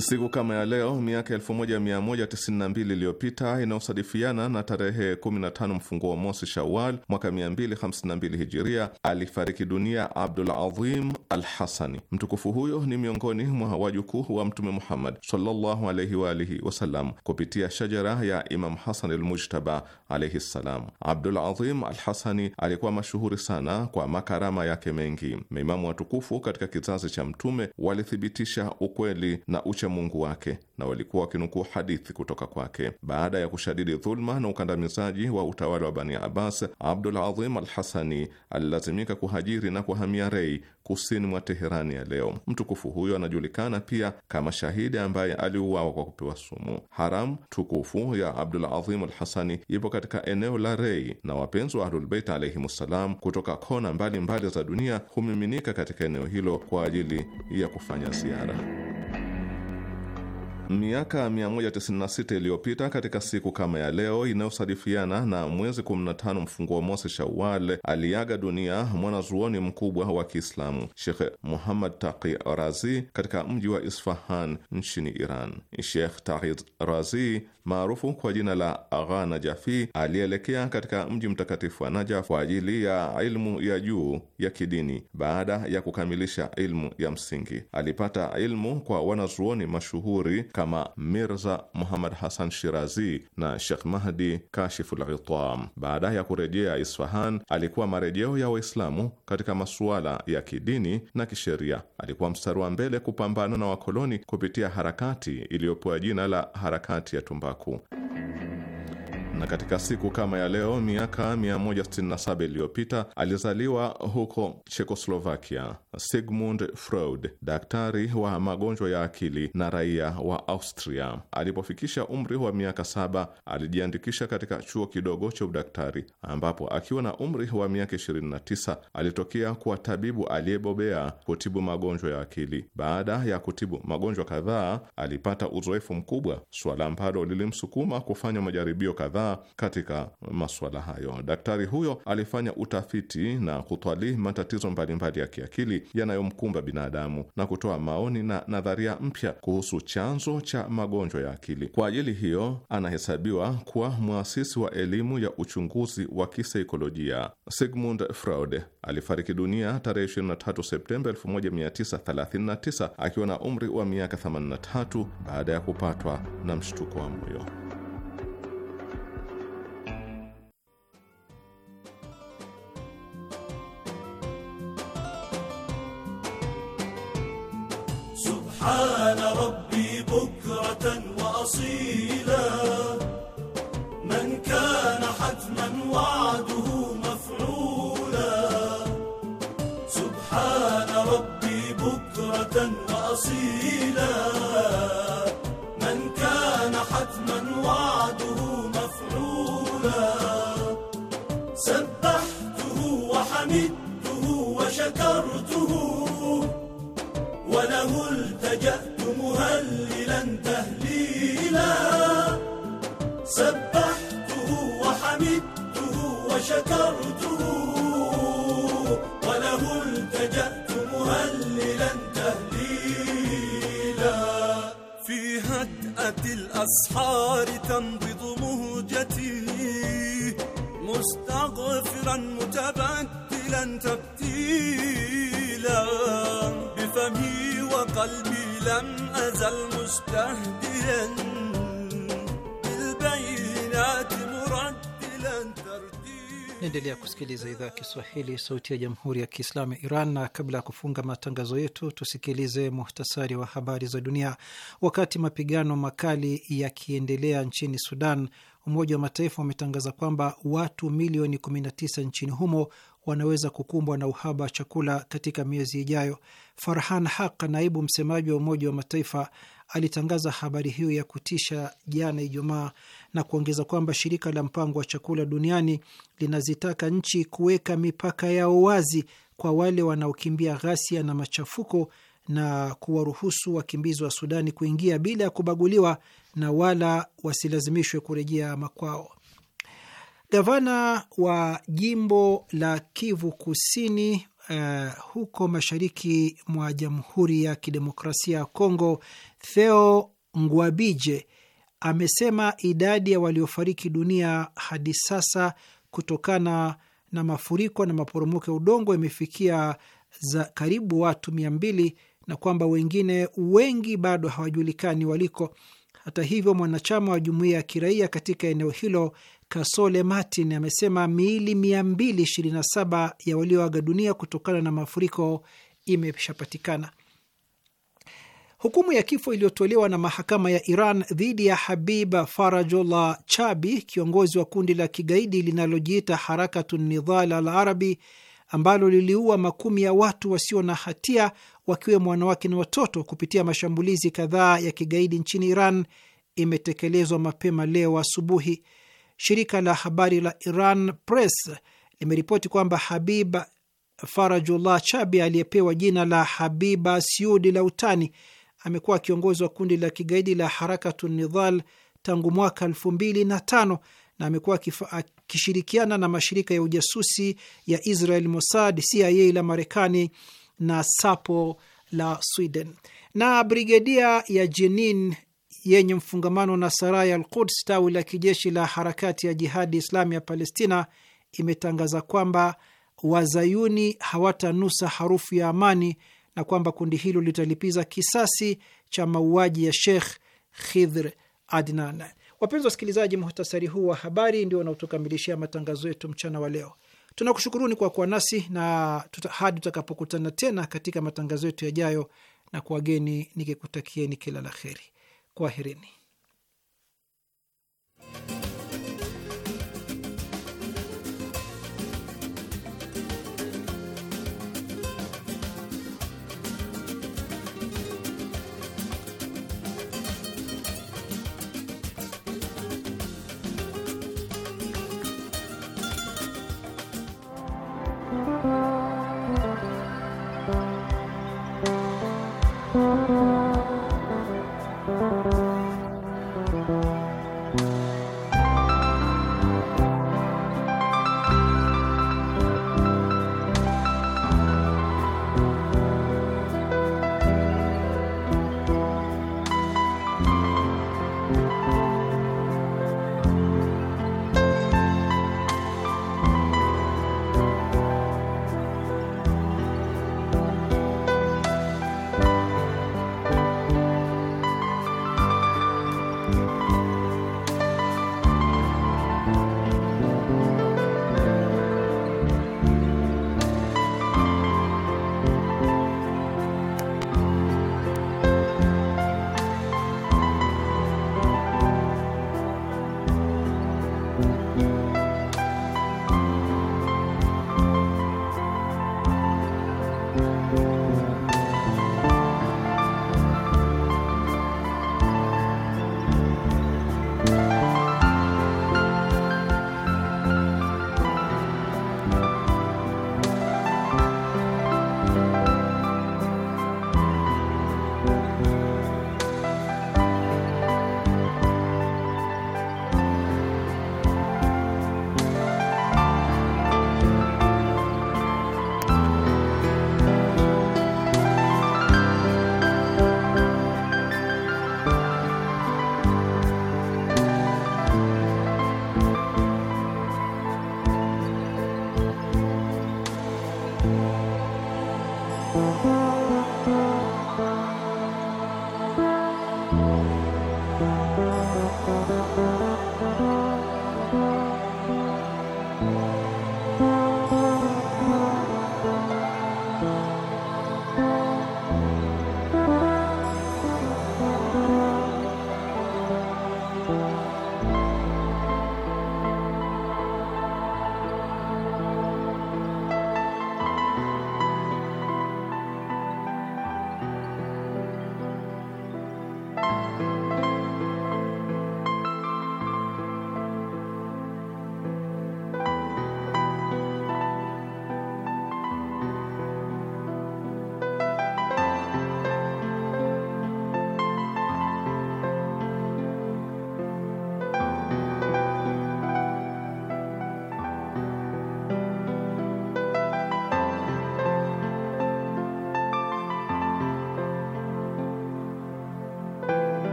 Siku kama ya leo miaka 1192 iliyopita inayosadifiana na tarehe 15 mfunguo mosi Shawal mwaka 252 hijiria alifariki dunia Abdul Adhim al Hasani. Mtukufu huyo ni miongoni mwa wajukuu wa Mtume Muhammad sallallahu alaihi wa alihi wasallam kupitia shajara ya Imam Hasan al Mujtaba alaihi ssalam. Abdul Adhim al Hasani alikuwa mashuhuri sana kwa makarama yake mengi. Maimamu watukufu katika kizazi cha Mtume walithibitisha ukweli na uche Mungu wake na walikuwa wakinukuu hadithi kutoka kwake. Baada ya kushadidi dhuluma na ukandamizaji wa utawala wa Bani Abbas, Abdul Adhim al Hasani alilazimika kuhajiri na kuhamia Rei, kusini mwa Teherani ya leo. Mtukufu huyo anajulikana pia kama shahidi ambaye aliuawa kwa kupewa sumu. Haram tukufu ya Abdul Adhim al Hasani ipo katika eneo la Rei, na wapenzi wa Ahlulbeit ssalam kutoka kona mbalimbali mbali za dunia humiminika katika eneo hilo kwa ajili ya kufanya ziara. Miaka 196 iliyopita katika siku kama ya leo inayosadifiana na mwezi 15 mfunguo mosi Shawal, aliaga dunia mwanazuoni mkubwa wa Kiislamu Shekh Muhammad Taqi Razi katika mji wa Isfahan nchini Iran. Shekh Taqi Razi maarufu kwa jina la Agha Najafi alielekea katika mji mtakatifu wa Najaf kwa ajili ya ilmu ya juu ya kidini. Baada ya kukamilisha ilmu ya msingi, alipata ilmu kwa wanazuoni mashuhuri kama Mirza Muhammad Hassan Shirazi na Sheikh Mahdi Kashiful itam Baada ya kurejea Isfahan, alikuwa marejeo ya Waislamu katika masuala ya kidini na kisheria. Alikuwa mstari wa mbele kupambana na wakoloni kupitia harakati iliyopewa jina la harakati ya tumba vácuo. na katika siku kama ya leo miaka 167 iliyopita alizaliwa huko Chekoslovakia Sigmund Freud, daktari wa magonjwa ya akili na raia wa Austria. Alipofikisha umri wa miaka saba, alijiandikisha katika chuo kidogo cha udaktari, ambapo akiwa na umri wa miaka 29 alitokea kuwa tabibu aliyebobea kutibu magonjwa ya akili. Baada ya kutibu magonjwa kadhaa, alipata uzoefu mkubwa, suala ambalo lilimsukuma kufanya majaribio kadhaa katika masuala hayo. Daktari huyo alifanya utafiti na kutwali matatizo mbalimbali ya kiakili yanayomkumba binadamu na kutoa maoni na nadharia mpya kuhusu chanzo cha magonjwa ya akili. Kwa ajili hiyo, anahesabiwa kuwa mwasisi wa elimu ya uchunguzi wa kisaikolojia. Sigmund Freud alifariki dunia tarehe 23 Septemba 1939 akiwa na umri wa miaka 83 baada ya kupatwa na mshtuko wa moyo. وسيلا من كان حتما وعده مفعولا سبحته وحمدته وشكرته وله التجأت مهللا تهليلا سبحته وحمدته وشكرته وله التجأت مهللا سنة الأسحار تنبض مهجتي مستغفرا متبدلا تبتيلا بفمي وقلبي لم أزل مستهديا Naendelea kusikiliza idhaa ya Kiswahili, sauti ya jamhuri ya kiislamu ya Iran. Na kabla ya kufunga matangazo yetu, tusikilize muhtasari wa habari za dunia. Wakati mapigano makali yakiendelea nchini Sudan, Umoja wa Mataifa umetangaza kwamba watu milioni 19 nchini humo wanaweza kukumbwa na uhaba wa chakula katika miezi ijayo. Farhan Haq, naibu msemaji wa Umoja wa Mataifa, alitangaza habari hiyo ya kutisha jana Ijumaa na kuongeza kwamba shirika la mpango wa chakula duniani linazitaka nchi kuweka mipaka yao wazi kwa wale wanaokimbia ghasia na machafuko na kuwaruhusu wakimbizi wa Sudani kuingia bila ya kubaguliwa na wala wasilazimishwe kurejea makwao. Gavana wa jimbo la Kivu Kusini uh, huko mashariki mwa Jamhuri ya Kidemokrasia ya Kongo, Theo Ngwabije amesema idadi ya waliofariki dunia hadi sasa kutokana na mafuriko na maporomoko ya udongo imefikia za karibu watu mia mbili na kwamba wengine wengi bado hawajulikani waliko. Hata hivyo, mwanachama wa jumuiya ya kiraia katika eneo hilo Kasole Martin amesema miili 227 ya walioaga dunia kutokana na mafuriko imeshapatikana. Hukumu ya kifo iliyotolewa na mahakama ya Iran dhidi ya Habib Farajullah Chabi, kiongozi wa kundi la kigaidi linalojiita Harakatu Nidhal al Arabi, ambalo liliua makumi ya watu wasio na hatia, wakiwemo wanawake na watoto, kupitia mashambulizi kadhaa ya kigaidi nchini Iran, imetekelezwa mapema leo asubuhi. Shirika la habari la Iran Press limeripoti kwamba Habib Farajullah Chabi aliyepewa jina la Habiba Siudi la utani amekuwa kiongozi wa kundi la kigaidi la Harakatu Nidhal tangu mwaka elfu mbili na tano na amekuwa akishirikiana na mashirika ya ujasusi ya Israel Mossad, CIA la Marekani na SAPO la Sweden. Na brigedia ya Jenin yenye mfungamano na Saraya al Quds, tawi la kijeshi la harakati ya Jihadi Islami ya Palestina, imetangaza kwamba wazayuni hawatanusa harufu ya amani na kwamba kundi hilo litalipiza kisasi cha mauaji ya Sheikh Khidhr Adnan. Wapenzi wasikilizaji, muhtasari huu wa habari ndio wanaotukamilishia matangazo yetu mchana wa leo. Tunakushukuruni kwa kuwa nasi na tuta, hadi tutakapokutana tena katika matangazo yetu yajayo, na kwa wageni nikikutakieni kila la heri. Kwaherini.